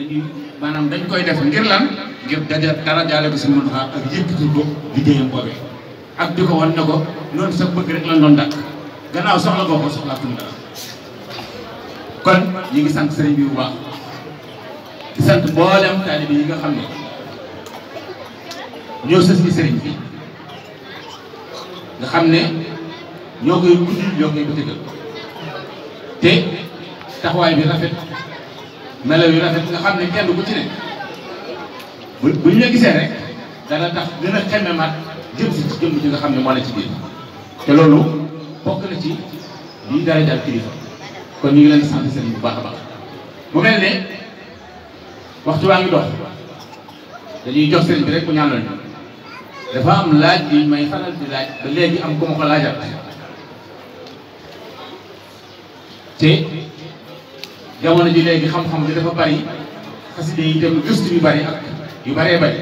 dañuy maanaam dañ koy def ngir lan ngir daja dara jaale ko si mën xaa ak yëkkati ko liggéeyam boobee ak di ko wan ne ko noonu sa bëgg rek lan doon dàkk gannaaw soxla boo ko soxlaatum dara kon ñi ngi sant sëriñ bi bu baax sant mboolem taalibe yi nga xam ne ñoo sës sëriñ bi nga xam ne ñoo koy guddil ñoo koy bëtëgal te taxawaay bi rafet melaw yu rafet nga xam ne kenn ku ci ne bu bu ñu la gisee rek dana tax gën a xemmemaat jëm si jëm ji nga xam ne moo la ci biir te loolu bokk na ci lii dara jàll kilifa kon ñu ngi leen di sant sëriñ bu baax baax mu mel ne waxtu waa ngi dox dañuy jox seen bi rek bu ñaanal ñu dafa am laaj bi may faral di laaj ba léegi am ku ma ko laajal te jamono ji léegi xam-xam bi dafa bari xasida yi itam gëstu yu bari ak yu baree bari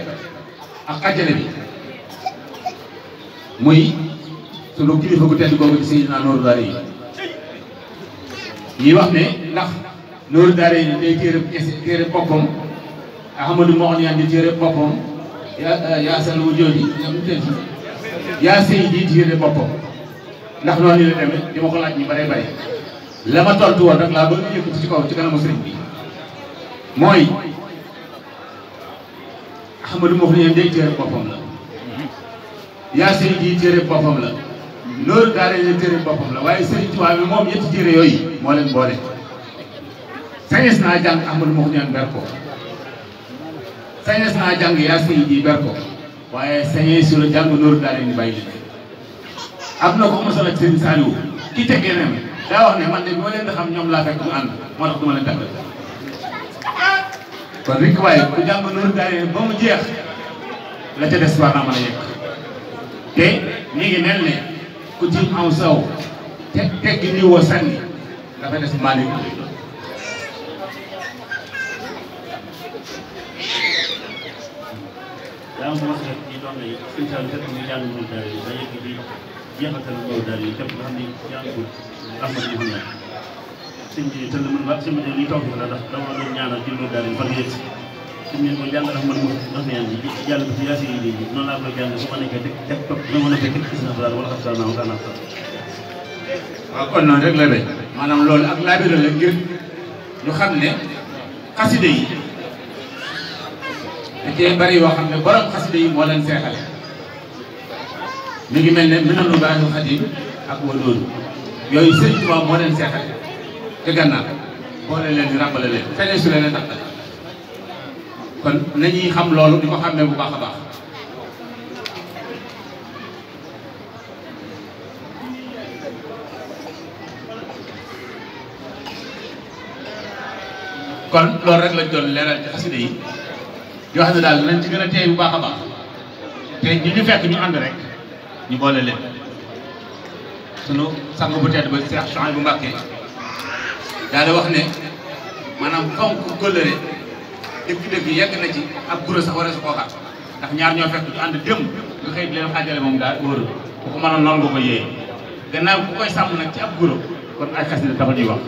ak ajjale bi muy sunu kilifa gu tedd googu di Seydina Nooru Daara yi ñuy wax ne ndax Nooru Daara yi day téere téere boppam Ahmadu Moxniyaan di téere boppam yaa yaa sal wu jooji yaa sëy di téere boppam ndax noonu la demee dama ko laaj ñu baree le ma tontu woon rek laa bëgg a yëkkati ci kaw ci kanamu sëriñ bi mooy Ahmadou Mouhniyane day téere boppam la yaa la loolu daa lay téere boppam la waaye sëriñ Tuubaa bi moom ñetti téere yooyu moo leen boole sañes naa jàng Ahmadou Mouhniyane ber naa jàng yaa sëriñ yi ber ko waaye sañes su la jàng loolu daa leen di bàyyi am na ko mosal ak sëriñ Saliou ki teggee na daa wax ne man de leen di xam ñoom laa fekk mu ànd moo tax du ma leen tàggal kon rek waaye ku jàng loolu daay ba mu jeex la ca des a yëkk te ñu ngi nii wax rek ci doon yi fekk ñu jàng yi ba rahmatulah si bi jàll bi yaa sëñ su ma nekkee teg teg topp dina mën a fekk naa wala kon noonu rek la de maanaam loolu ak laabira la ngir ñu xam ne xaside yi da cee bari yoo xam ne borom xaside yi moo leen seexale mi ngi mel ne mi nanu baaxu xadim ak wa doonu yoy sëriñ Tuubaa mo len seexal te ganna bo len len di rabale len fene su len a tàqal kon nañuy xam lolu diko xamé bu baax a baax kon lolu rek lañ doon leral ci xasida yi yo xam dal nañ ci gëna téy bu baax a baax te ñu ñu fekk ñu and rek ñu bolé len sunu sang bu tedd ba Cheikh bu Mbacké daal di wax ne maanaam fonk kóllëre dëgg-dëgg yegg na ci ab gura sax waree su koo ndax ñaar ñoo fekk du ànd démb nga xëy di leen xaajale moom daal wóoru ku ko gannaaw ku koy ci ab gura kon ay xasida dafa ñuy wax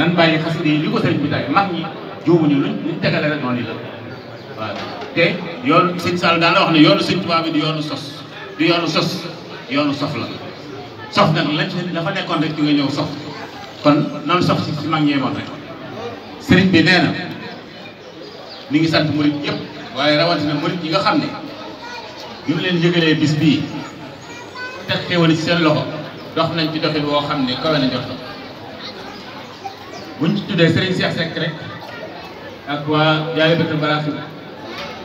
nan bàyyi xasida yi li ko sa bi tàggee mag ñi juumuñu luñ luñ tegale rek noonu la waaw te yoonu sëñ Sall daan wax ne yoonu sëñ tubaab di yoonu sos di yoonu sos yoonu sof la sof nag lañ dafa nekkoon rek ci nga ñëw sof kon noonu sof si si mag ñeemoon rek sëriñ bi nee na mi ngi sant murit yëpp waaye rawatina murit yi nga xam ne bi leen yëgalee bis bii teg xéwal ci seen loxo dox nañ ci doxin woo xam ne kawe na jot buñ ci tuddee sëriñ Cheikh Seck rek ak waa Diallibatou Barakhib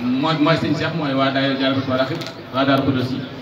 mooy mooy sëriñ Cheikh mooy waa Daara Diallibatou Barakhib waa Daaru Kodosi